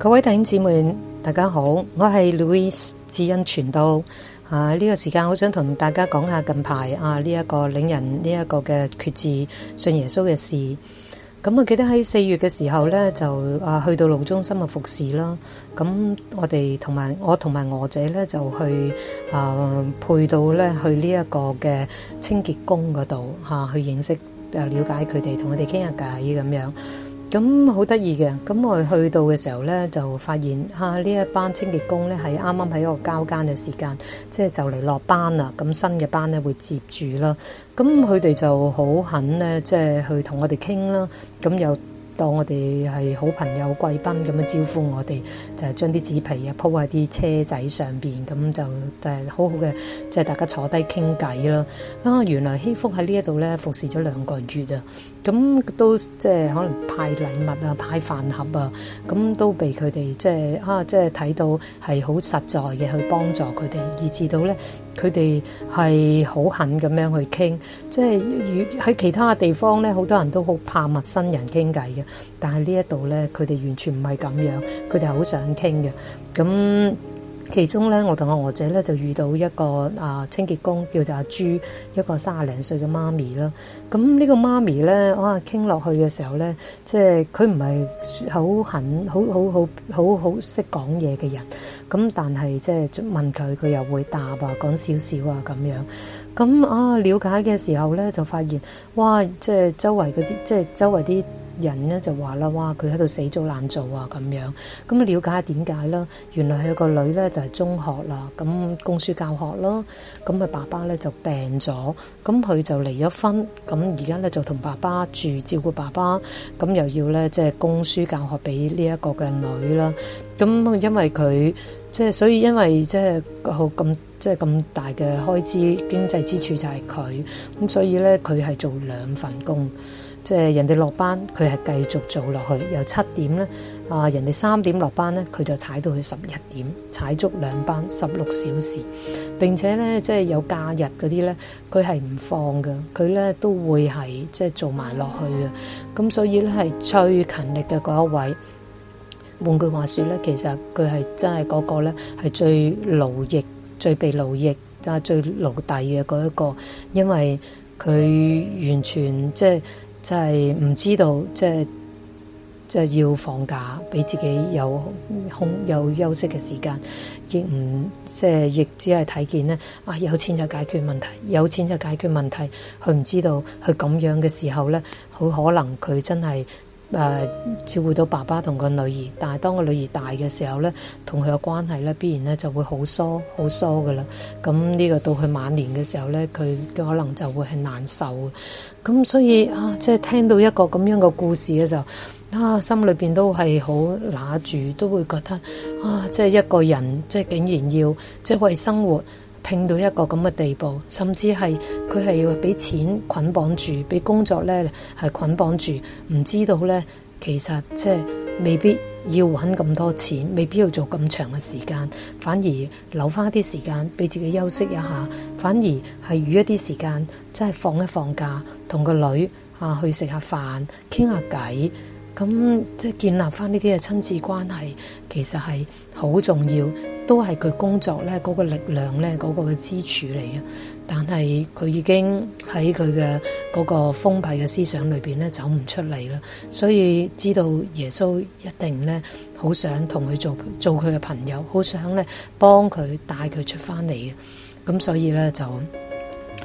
各位弟兄姊妹，大家好，我係 Louise 志恩傳道。啊，呢、這個時間我想同大家講下近排啊呢一、這個領人呢一、這個嘅決志信耶穌嘅事。咁、啊、我記得喺四月嘅時候咧，就啊去到路中心啊服侍咯。咁我哋同埋我同埋我姐咧就去啊配到咧去呢一個嘅清潔工嗰度吓去認識啊了解佢哋，同佢哋傾下偈咁樣。咁好得意嘅，咁我哋去到嘅時候呢，就發現嚇呢、啊、一班清潔工呢，係啱啱喺個交更嘅時間，即係就嚟落班啦。咁新嘅班呢，會接住啦。咁佢哋就好肯呢，即係去同我哋傾啦。咁又。當我哋係好朋友貴賓咁樣招呼我哋，就將啲紙皮啊，鋪喺啲車仔上邊，咁就誒好好嘅，即係大家坐低傾偈啦。啊，原來希福喺呢一度咧服侍咗兩個月啊，咁都即係可能派禮物啊、派飯盒啊，咁都被佢哋即係啊，即係睇到係好實在嘅去幫助佢哋，以至到咧。佢哋係好狠咁樣去傾，即係喺其他地方咧，好多人都好怕陌生人傾偈嘅。但係呢一度咧，佢哋完全唔係咁樣，佢哋係好想傾嘅。咁。其中咧，我同阿娥姐咧就遇到一個啊清潔工，叫做阿朱，一個三十零歲嘅媽咪啦。咁、嗯、呢、這個媽咪咧，哇傾落去嘅時候咧，即係佢唔係好肯好好好好好識講嘢嘅人。咁、嗯、但係即係問佢，佢又會答小小啊，講少少啊咁樣。咁、嗯、啊了解嘅時候咧，就發現，哇，即係周圍嗰啲，即係周圍啲。人咧就話啦，哇！佢喺度死做爛做啊，咁樣咁啊，了、嗯、解下點解啦？原來佢個女咧就係、是、中學啦，咁、嗯、供書教學咯，咁、嗯、佢爸爸咧就病咗，咁、嗯、佢就離咗婚，咁而家咧就同爸爸住照顧爸爸，咁、嗯、又要咧即係供書教學俾呢一個嘅女啦。咁、嗯、因為佢即係所以因為即係好咁即係咁大嘅開支，經濟支柱就係佢咁，所以咧佢係做兩份工。即係人哋落班，佢係繼續做落去。由七點咧，啊、呃、人哋三點落班咧，佢就踩到去十一點，踩足兩班，十六小時。並且咧，即係有假日嗰啲咧，佢係唔放嘅，佢咧都會係即係做埋落去嘅。咁所以咧，係最勤力嘅嗰一位。換句話說咧，其實佢係真係嗰個咧係最勞役、最被勞役啊、最奴隸嘅嗰一個，因為佢完全即係。即係唔知道，即係即係要放假，俾自己有空有休息嘅時間，亦唔即係亦只係睇見咧。啊，有錢就解決問題，有錢就解決問題。佢唔知道，佢咁樣嘅時候咧，好可能佢真係。誒、呃、照顧到爸爸同個女兒，但係當個女兒大嘅時候呢，同佢嘅關係呢，必然呢就會好疏，好疏嘅啦。咁呢個到佢晚年嘅時候呢，佢可能就會係難受嘅。咁所以啊，即係聽到一個咁樣嘅故事嘅時候，啊，心裏邊都係好揦住，都會覺得啊，即係一個人即係竟然要即係為生活，拼到一個咁嘅地步，甚至係佢係要俾錢捆綁住，俾工作咧係捆綁住，唔知道咧其實即係未必要搵咁多錢，未必要做咁長嘅時間，反而留翻啲時間俾自己休息一下，反而係餘一啲時間即係放一放假，同個女啊去食下飯，傾下偈。咁即係建立翻呢啲嘅親子關係，其實係好重要。都係佢工作呢嗰個力量呢嗰個嘅支柱嚟嘅。但係佢已經喺佢嘅嗰個封閉嘅思想裏邊呢走唔出嚟啦。所以知道耶穌一定呢好想同佢做做佢嘅朋友，好想呢幫佢帶佢出翻嚟嘅。咁所以呢就。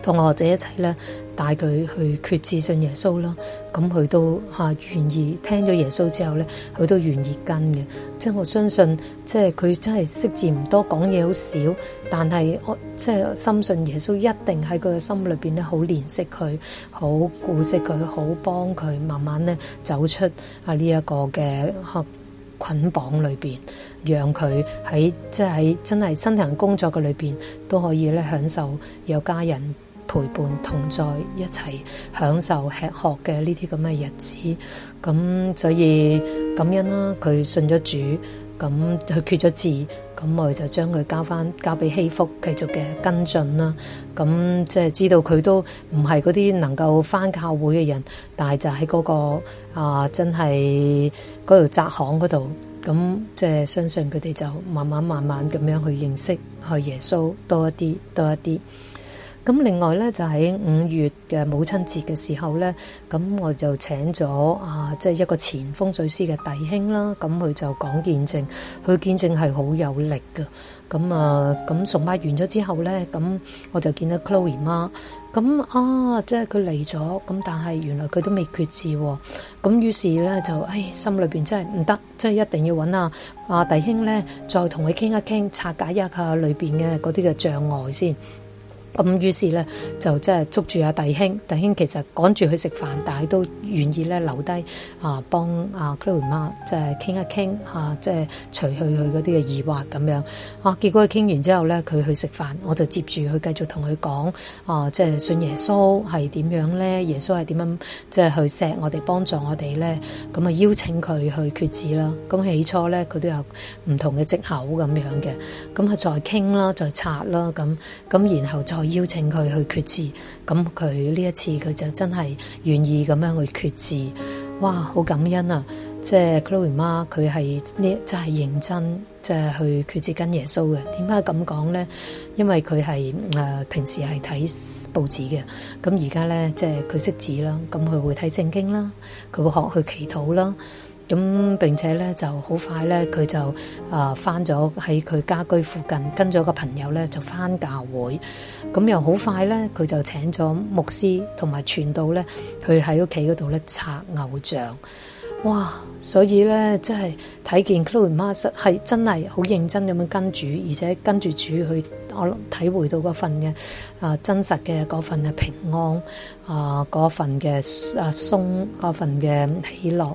同學仔一齊咧，帶佢去決志信耶穌啦。咁佢都嚇、啊、願意聽咗耶穌之後咧，佢都願意跟嘅。即係我相信，即係佢真係識字唔多，講嘢好少，但係我即係深信耶穌一定喺佢嘅心裏邊咧，好憐惜佢，好顧惜佢，好幫佢慢慢咧走出啊呢一、這個嘅嚇、啊、捆綁裏邊，讓佢喺即係喺真係辛勤工作嘅裏邊都可以咧享受有家人。陪伴同在一齊享受吃喝嘅呢啲咁嘅日子，咁所以感恩啦。佢信咗主，咁佢決咗志，咁我哋就將佢交翻交俾希福繼續嘅跟進啦。咁即係知道佢都唔係嗰啲能夠翻教會嘅人，但係就喺嗰個啊、呃，真係嗰條窄巷嗰度。咁即係相信佢哋就慢慢慢慢咁樣去認識去耶穌多一啲，多一啲。咁另外咧，就喺五月嘅母親節嘅時候咧，咁我就請咗啊，即係一個前風水師嘅弟兄啦。咁佢就講見證，佢見證係好有力噶。咁啊，咁崇拜完咗之後咧，咁我就見到 Chloe 媽。咁啊，即係佢嚟咗，咁但係原來佢都未決志喎。咁於是咧就唉，心裏邊真係唔得，即係一定要揾啊啊弟兄咧，再同佢傾一傾，拆解一下裏邊嘅嗰啲嘅障礙先。咁於是咧就即係捉住阿弟兄，弟兄其實趕住去食飯，但係都願意咧留低啊幫阿 Clara 媽即係傾一傾啊，即係除去佢嗰啲嘅疑惑咁樣啊。結果佢傾完之後咧，佢去食飯，我就接住去繼續同佢講啊，即係信耶穌係點樣咧？耶穌係點樣即係去錫我哋幫助我哋咧？咁、嗯、啊，邀請佢去決志啦。咁、嗯、起初咧佢都有唔同嘅藉口咁樣嘅，咁佢再傾啦，再拆啦，咁咁然後再，邀請佢去決志，咁佢呢一次佢就真係願意咁樣去決志，哇，好感恩啊！即係 Chloe 媽，佢係呢即係認真，即係去決志跟耶穌嘅。點解咁講呢？因為佢係誒平時係睇報紙嘅，咁而家呢，即係佢識字啦，咁佢會睇聖經啦，佢會學去祈禱啦。咁並且咧，就好快咧，佢就啊返咗喺佢家居附近，跟咗個朋友咧就返教會。咁又好快咧，佢就請咗牧師同埋傳道咧，佢喺屋企嗰度咧拆偶像。哇！所以咧，真係睇見 Chloe 媽係真係好認真咁樣跟住，而且跟住主去，我、呃、體會到嗰份嘅啊、呃、真實嘅嗰份嘅平安、呃、啊嗰份嘅啊鬆嗰份嘅喜樂。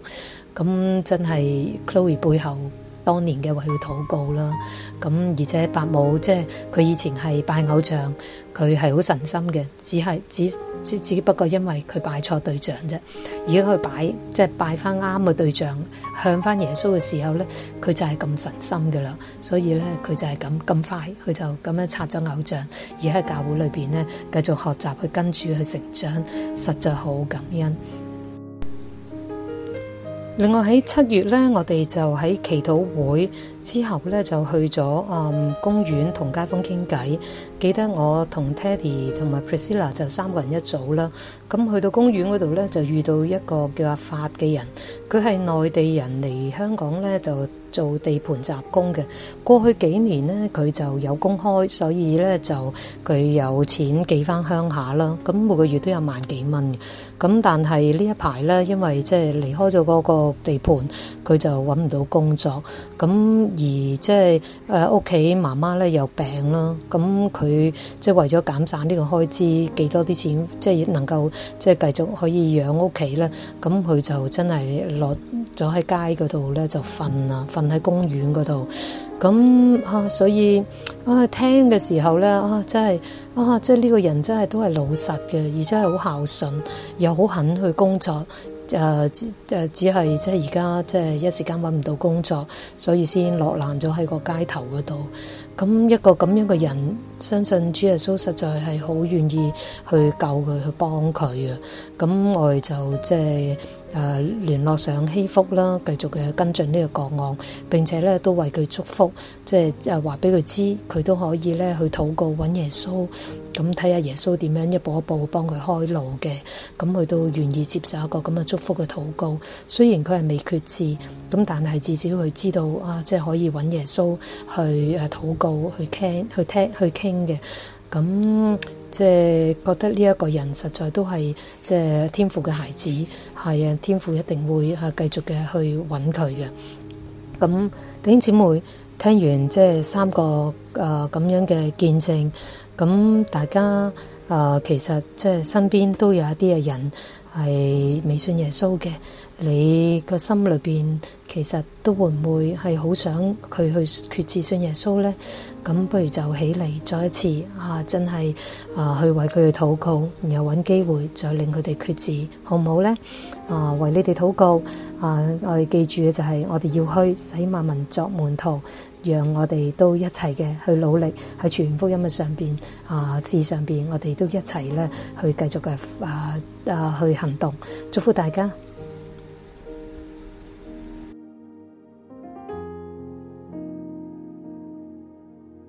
咁真係 Chloe 背後當年嘅為佢禱告啦，咁而且伯母即係佢以前係拜偶像，佢係好神心嘅，只係只只只，只不過因為佢拜錯對象啫。而家佢擺即係拜翻啱嘅對象，向翻耶穌嘅時候咧，佢就係咁神心嘅啦。所以咧，佢就係咁咁快，佢就咁樣拆咗偶像，而喺教會裏邊咧繼續學習去跟住去成長，實在好感恩。另外喺七月呢，我哋就喺祈禱會。之後咧就去咗啊、嗯、公園同街坊傾偈，記得我同 Teddy 同埋 Priscilla 就三個人一組啦。咁去到公園嗰度咧就遇到一個叫阿發嘅人，佢係內地人嚟香港咧就做地盤雜工嘅。過去幾年咧佢就有工開，所以咧就佢有錢寄翻鄉下啦。咁每個月都有萬幾蚊。咁但係呢一排咧，因為即係離開咗嗰個地盤，佢就揾唔到工作。咁而即係誒屋企媽媽咧又病啦，咁佢即係為咗減省呢個開支，幾多啲錢即係、就是、能夠即係、就是、繼續可以養屋企咧，咁佢就真係落咗喺街嗰度咧就瞓喇，瞓喺公園嗰度，咁啊所以啊聽嘅時候咧啊真係啊即係呢個人真係都係老實嘅，而且係好孝順，又好肯去工作。誒誒、呃，只係即係而家即係一時間揾唔到工作，所以先落難咗喺個街頭嗰度。咁一個咁樣嘅人，相信主耶穌實在係好願意去救佢去幫佢啊！咁我哋就即係。誒聯絡上祈福啦，繼續嘅跟進呢個個案，並且咧都為佢祝福，即係話俾佢知，佢都可以咧去禱告揾耶穌，咁睇下耶穌點樣一步一步幫佢開路嘅，咁佢都願意接受一個咁嘅祝福嘅禱告。雖然佢係未決志，咁但係至少佢知道啊，即係可以揾耶穌去誒禱告、去傾、去聽、去傾嘅，咁。即係覺得呢一個人實在都係即係天父嘅孩子，係啊天父一定會啊繼續嘅去揾佢嘅。咁弟兄姊妹聽完即係三個誒咁樣嘅見證，咁大家誒其實即係身邊都有一啲嘅人係未信耶穌嘅，你個心裏邊。其實都會唔會係好想佢去決志信耶穌咧？咁不如就起嚟再一次啊，真係啊，去為佢去禱告，然後搵機會再令佢哋決志，好唔好咧？啊，為你哋禱告啊！我哋記住嘅就係我哋要去使萬民作門徒，讓我哋都一齊嘅去努力喺傳福音嘅上邊啊事上邊，我哋都一齊咧去繼續嘅啊啊去行動，祝福大家。